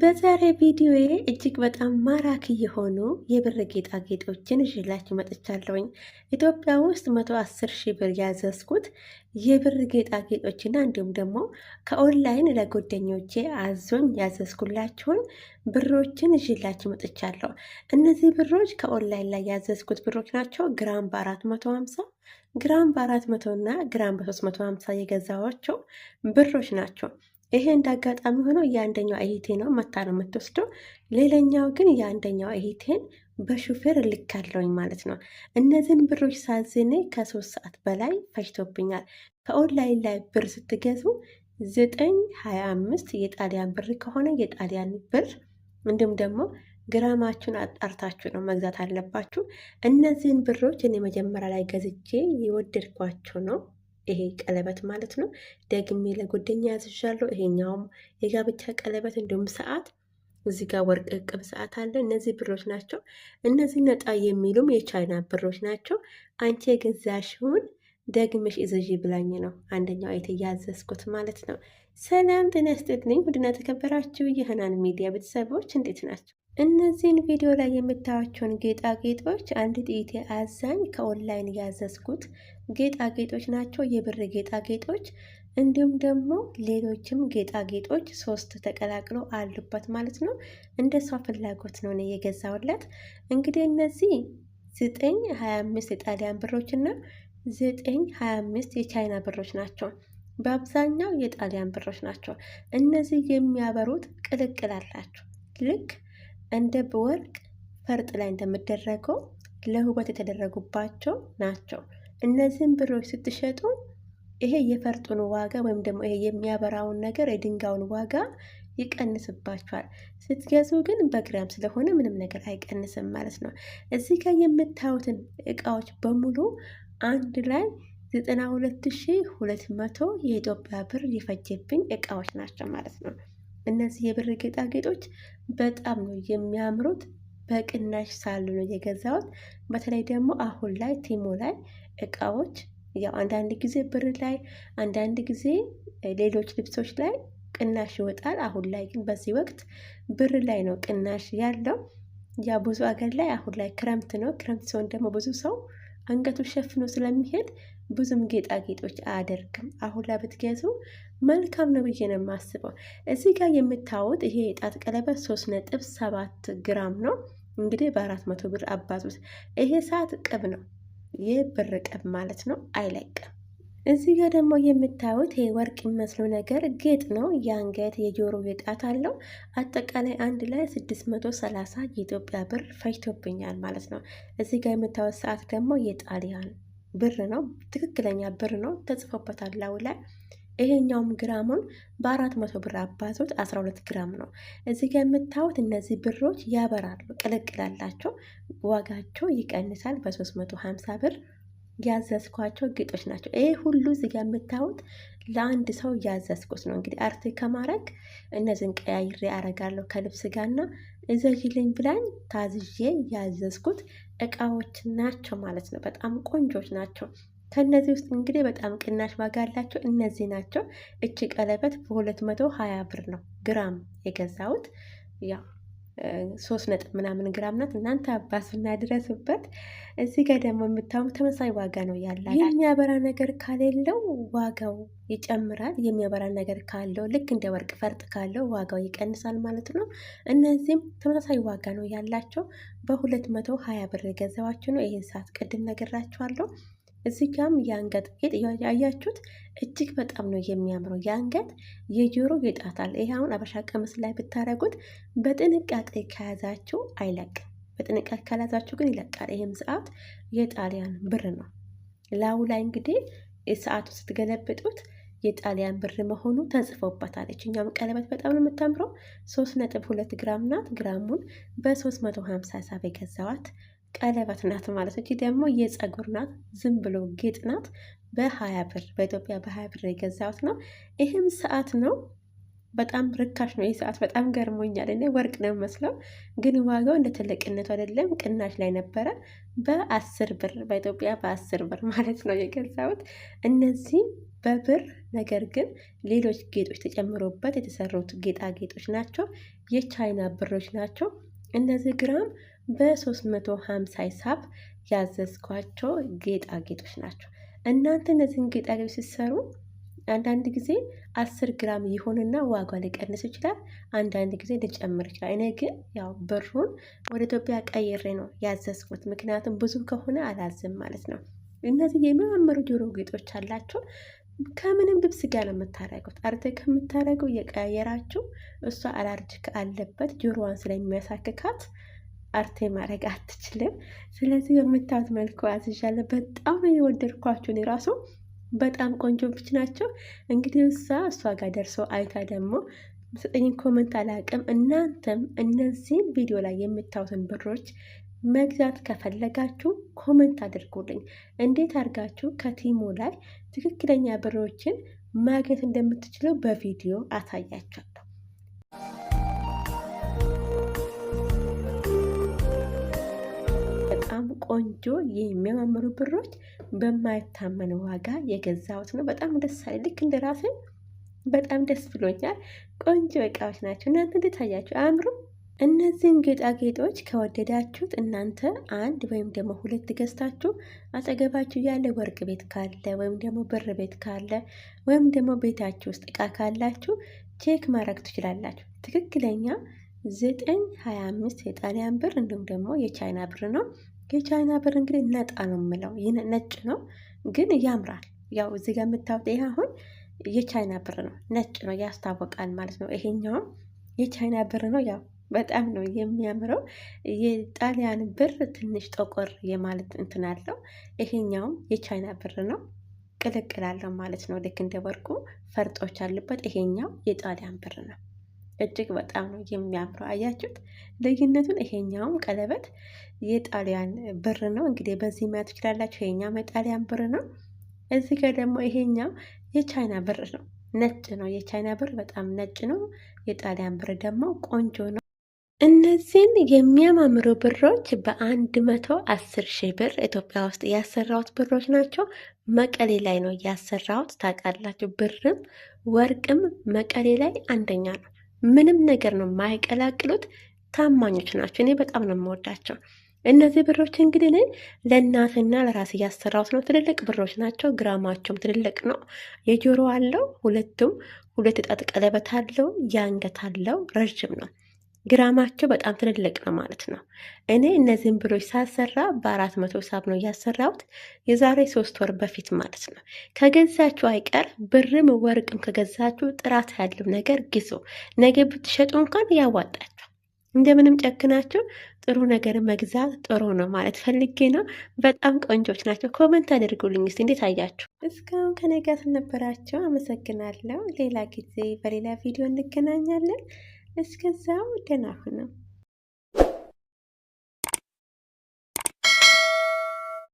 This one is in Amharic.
በዛሬ ቪዲዮዬ እጅግ በጣም ማራኪ የሆኑ የብር ጌጣጌጦችን ይዤላችሁ መጥቻለሁኝ። ኢትዮጵያ ውስጥ መቶ አስር ሺህ ብር ያዘዝኩት የብር ጌጣጌጦችና እንዲሁም ደግሞ ከኦንላይን ለጎደኞቼ አዞኝ ያዘዝኩላችሁን ብሮችን ይዤላችሁ መጥቻለሁ። እነዚህ ብሮች ከኦንላይን ላይ ያዘዝኩት ብሮች ናቸው። ግራም በአራት መቶ ሀምሳ ግራም በአራት መቶ እና ግራም በሶስት መቶ ሀምሳ የገዛኋቸው ብሮች ናቸው። ይሄ እንደ አጋጣሚ ሆኖ የአንደኛው እህቴ ነው መታ ነው የምትወስደው። ሌላኛው ግን የአንደኛው እህቴን በሹፌር ልካለውኝ ማለት ነው። እነዚህን ብሮች ሳዝኔ ከሶስት ሰዓት በላይ ፈጅቶብኛል። ከኦንላይን ላይ ብር ስትገዙ ዘጠኝ ሀያ አምስት የጣሊያን ብር ከሆነ የጣሊያን ብር እንዲሁም ደግሞ ግራማችሁን አጣርታችሁ ነው መግዛት አለባችሁ። እነዚህን ብሮች እኔ መጀመሪያ ላይ ገዝቼ የወደድኳቸው ነው ይሄ ቀለበት ማለት ነው። ደግሜ ለጎደኛ ያዝዣለሁ። ይሄኛውም የጋብቻ ቀለበት እንዲሁም ሰዓት እዚህ ጋር ወርቅ እቅብ ሰዓት አለ። እነዚህ ብሮች ናቸው። እነዚህ ነጣ የሚሉም የቻይና ብሮች ናቸው። አንቺ የገዛሽውን ደግመሽ እዘዥ ብላኝ ነው አንደኛው እያዘዝኩት ማለት ነው። ሰላም ጤና ይስጥልኝ። ውድና ተከበራችሁ የህናን ሚዲያ ቤተሰቦች እንዴት ናቸው? እነዚህን ቪዲዮ ላይ የምታዩቸውን ጌጣጌጦች አንድ ጥይቴ አዛኝ ከኦንላይን ያዘዝኩት ጌጣጌጦች ናቸው። የብር ጌጣጌጦች እንዲሁም ደግሞ ሌሎችም ጌጣጌጦች ሶስት ተቀላቅሎ አሉበት ማለት ነው። እንደ ሷ ፍላጎት ነው የገዛውለት። እንግዲህ እነዚህ ዘጠኝ ሀያ አምስት የጣሊያን ብሮች እና ዘጠኝ ሀያ አምስት የቻይና ብሮች ናቸው። በአብዛኛው የጣሊያን ብሮች ናቸው። እነዚህ የሚያበሩት ቅልቅል አላቸው ልክ እንደ ብወርቅ ፈርጥ ላይ እንደምደረገው ለውበት የተደረጉባቸው ናቸው። እነዚህን ብሮች ስትሸጡ ይሄ የፈርጡን ዋጋ ወይም ደግሞ ይሄ የሚያበራውን ነገር የድንጋዩን ዋጋ ይቀንስባቸዋል። ስትገዙ ግን በግራም ስለሆነ ምንም ነገር አይቀንስም ማለት ነው። እዚህ ጋር የምታዩትን እቃዎች በሙሉ አንድ ላይ ዘጠና ሁለት ሺ ሁለት መቶ የኢትዮጵያ ብር የፈጀብኝ እቃዎች ናቸው ማለት ነው። እነዚህ የብር ጌጣጌጦች በጣም ነው የሚያምሩት። በቅናሽ ሳሉ ነው የገዛሁት። በተለይ ደግሞ አሁን ላይ ቲሞ ላይ እቃዎች ያው አንዳንድ ጊዜ ብር ላይ አንዳንድ ጊዜ ሌሎች ልብሶች ላይ ቅናሽ ይወጣል። አሁን ላይ ግን በዚህ ወቅት ብር ላይ ነው ቅናሽ ያለው። ያ ብዙ አገር ላይ አሁን ላይ ክረምት ነው። ክረምት ሲሆን ደግሞ ብዙ ሰው አንገቱ ሸፍኖ ስለሚሄድ ብዙም ጌጣጌጦች አያደርግም። አሁን ላይ ብትገዙ መልካም ነው ብዬ ነው የማስበው። እዚህ ጋር የምታዩት ይሄ የጣት ቀለበት ሶስት ነጥብ ሰባት ግራም ነው። እንግዲህ በአራት መቶ ብር አባዙት። ይሄ ሰዓት ቅብ ነው። ይህ ብር ቅብ ማለት ነው፣ አይለቅም። እዚህ ጋር ደግሞ የምታዩት ወርቅ የሚመስለው ነገር ጌጥ ነው። የአንገት የጆሮ ጌጣት አለው። አጠቃላይ አንድ ላይ 630 የኢትዮጵያ ብር ፈጅቶብኛል ማለት ነው። እዚህ ጋር የምታዩት ሰዓት ደግሞ የጣሊያን ብር ነው። ትክክለኛ ብር ነው ተጽፎበታል ላዩ ላይ። ይሄኛውም ግራሙን በአራት መቶ ብር አባዞት 12 ግራም ነው። እዚህ ጋር የምታዩት እነዚህ ብሮች ያበራሉ፣ ቅልቅላላቸው ዋጋቸው ይቀንሳል በ350 ብር ያዘዝኳቸው ጌጦች ናቸው። ይሄ ሁሉ ጋር የምታዩት ለአንድ ሰው ያዘዝኩት ነው። እንግዲህ አርቴ ከማረግ እነዚህን ቀያይሬ አረጋለሁ ከልብስ ጋርና እዘዥልኝ ብላኝ ታዝዤ ያዘዝኩት እቃዎች ናቸው ማለት ነው። በጣም ቆንጆች ናቸው። ከእነዚህ ውስጥ እንግዲህ በጣም ቅናሽ ዋጋ ያላቸው እነዚህ ናቸው። እቺ ቀለበት በሁለት መቶ ሀያ ብር ነው ግራም የገዛሁት ያው ሶስት ነጥብ ምናምን ግራም ናት። እናንተ አባ ስናድረስበት እዚህ ጋር ደግሞ የምታዩም ተመሳሳይ ዋጋ ነው ያላ። የሚያበራ ነገር ካሌለው ዋጋው ይጨምራል። የሚያበራ ነገር ካለው ልክ እንደ ወርቅ ፈርጥ ካለው ዋጋው ይቀንሳል ማለት ነው። እነዚህም ተመሳሳይ ዋጋ ነው ያላቸው። በሁለት መቶ ሀያ ብር የገዛዋችሁ ነው። ይህን ሰዓት ቅድም ነግራችኋለሁ። እዚህ ጋም የአንገት ጌጥ ያያችሁት እጅግ በጣም ነው የሚያምረው። የአንገት የጆሮ ጌጣታል። ይህ አሁን አበሻ ቀሚስ ላይ ብታደረጉት በጥንቃቄ ከያዛችሁ አይለቅም። በጥንቃቄ ካልያዛችሁ ግን ይለቃል። ይህም ሰዓት የጣሊያን ብር ነው። ላዩ ላይ እንግዲህ ሰዓቱ ስትገለብጡት የጣሊያን ብር መሆኑ ተጽፎበታል። እችኛውም ቀለበት በጣም ነው የምታምረው። ሶስት ነጥብ ሁለት ግራም ናት። ግራሙን በሶስት መቶ ሀምሳ ሳብ የገዛዋት ቀለበት ናት ማለት እቺ ደግሞ የፀጉር ናት። ዝም ብሎ ጌጥ ናት። በሀያ ብር በኢትዮጵያ በሀያ ብር የገዛሁት ነው። ይህም ሰዓት ነው። በጣም ርካሽ ነው። ይህ ሰዓት በጣም ገርሞኛል። እኔ ወርቅ ነው መስለው፣ ግን ዋጋው እንደ ትልቅነቱ አይደለም። ቅናሽ ላይ ነበረ። በአስር ብር በኢትዮጵያ በአስር ብር ማለት ነው የገዛሁት። እነዚህም በብር ነገር ግን ሌሎች ጌጦች ተጨምሮበት የተሰሩት ጌጣጌጦች ናቸው። የቻይና ብሮች ናቸው። እነዚህ ግራም በ350 ሂሳብ ያዘዝኳቸው ጌጣጌጦች ናቸው። እናንተ እነዚህን ጌጣጌጦች ሲሰሩ አንዳንድ ጊዜ አስር ግራም ይሆንና ዋጋ ሊቀንስ ይችላል። አንዳንድ ጊዜ ሊጨምር ይችላል። እኔ ግን ያው ብሩን ወደ ኢትዮጵያ ቀይሬ ነው ያዘዝኩት፣ ምክንያቱም ብዙ ከሆነ አላዝም ማለት ነው። እነዚህ የሚያማምሩ ጆሮ ጌጦች አላቸው። ከምንም ግብስ ጋር ነው የምታደርገው። አርተ ከምታደርገው የቀየራችው እሷ አላርጅ አለበት ጆሮዋን ስለሚያሳክካት አርቴ ማድረግ አትችልም። ስለዚህ በምታዩት መልኩ አዝዣለሁ። በጣም የወደድኳችሁን የራሱ በጣም ቆንጆች ናቸው። እንግዲህ እሷ እሷ ጋር ደርሶ አይታ ደግሞ ሰጠኝን ኮመንት አላቅም። እናንተም እነዚህን ቪዲዮ ላይ የምታዩትን ብሮች መግዛት ከፈለጋችሁ ኮመንት አድርጉልኝ። እንዴት አድርጋችሁ ከቲሞ ላይ ትክክለኛ ብሮችን ማግኘት እንደምትችሉ በቪዲዮ አሳያችኋለሁ። በጣም ቆንጆ የሚያማምሩ ብሮች በማይታመን ዋጋ የገዛሁት ነው። በጣም ደስ አለ። ልክ እንደ ራሴ በጣም ደስ ብሎኛል። ቆንጆ እቃዎች ናቸው። እናንተ እንዴት አያችሁ? አያምሩም? እነዚህን ጌጣጌጦች ከወደዳችሁት እናንተ አንድ ወይም ደግሞ ሁለት ገዝታችሁ አጠገባችሁ ያለ ወርቅ ቤት ካለ ወይም ደግሞ ብር ቤት ካለ ወይም ደግሞ ቤታችሁ ውስጥ እቃ ካላችሁ ቼክ ማድረግ ትችላላችሁ። ትክክለኛ ዘጠኝ ሀያ አምስት የጣሊያን ብር እንዲሁም ደግሞ የቻይና ብር ነው። የቻይና ብር እንግዲህ ነጣ ነው የምለው ነጭ ነው ግን ያምራል። ያው እዚህ ጋር የምታወጥ ይህ አሁን የቻይና ብር ነው ነጭ ነው ያስታወቃል ማለት ነው። ይሄኛውም የቻይና ብር ነው ያው በጣም ነው የሚያምረው። የጣሊያን ብር ትንሽ ጠቆር የማለት እንትን አለው። ይሄኛውም የቻይና ብር ነው ቅልቅላለሁ ማለት ነው። ልክ እንደ ወርቁ ፈርጦች አሉበት። ይሄኛው የጣሊያን ብር ነው። እጅግ በጣም ነው የሚያምረው። አያችሁት ልዩነቱን? ይሄኛውም ቀለበት የጣሊያን ብር ነው። እንግዲህ በዚህ ማየት ትችላላችሁ። ይሄኛውም የጣሊያን ብር ነው። እዚህ ጋር ደግሞ ይሄኛው የቻይና ብር ነው። ነጭ ነው። የቻይና ብር በጣም ነጭ ነው። የጣሊያን ብር ደግሞ ቆንጆ ነው። እነዚህን የሚያማምሩ ብሮች በአንድ መቶ አስር ሺህ ብር ኢትዮጵያ ውስጥ ያሰራሁት ብሮች ናቸው። መቀሌ ላይ ነው ያሰራሁት። ታውቃላችሁ፣ ብርም ወርቅም መቀሌ ላይ አንደኛ ነው። ምንም ነገር ነው የማይቀላቅሉት። ታማኞች ናቸው። እኔ በጣም ነው የምወዳቸው። እነዚህ ብሮች እንግዲህ እኔ ለእናትና ለራስ እያሰራሁት ነው። ትልልቅ ብሮች ናቸው። ግራማቸውም ትልልቅ ነው። የጆሮ አለው ሁለቱም፣ ሁለት ጣት ቀለበት አለው፣ የአንገት አለው፣ ረዥም ነው። ግራማቸው በጣም ትልልቅ ነው ማለት ነው። እኔ እነዚህን ብሎች ሳሰራ በአራት መቶ ሳብ ነው ያሰራሁት የዛሬ ሶስት ወር በፊት ማለት ነው። ከገዛችሁ አይቀር ብርም ወርቅም ከገዛችሁ ጥራት ያለው ነገር ግዙ። ነገ ብትሸጡ እንኳን ያዋጣችሁ። እንደምንም ጨክናችሁ ጥሩ ነገር መግዛት ጥሩ ነው ማለት ፈልጌ ነው። በጣም ቆንጆች ናቸው። ኮመንት አድርጉልኝ እስኪ እንዴት አያችሁ? እስካሁን ከነጋ ጋር አመሰግናለሁ። ሌላ ጊዜ በሌላ ቪዲዮ እንገናኛለን። اسکه زم تنخونه